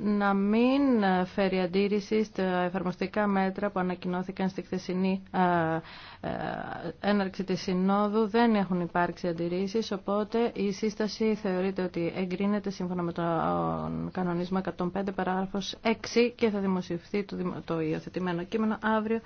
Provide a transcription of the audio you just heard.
να μην φέρει αντίρρηση στα εφαρμοστικά μέτρα που ανακοινώθηκαν στη χθεσινή έναρξη της Συνόδου. Δεν έχουν υπάρξει αντιρρήσεις, οπότε η σύσταση θεωρείται ότι εγκρίνεται σύμφωνα με τον κανονισμό 105 παράγραφος 6 και θα δημοσιευθεί το, το υιοθετημένο κείμενο αύριο.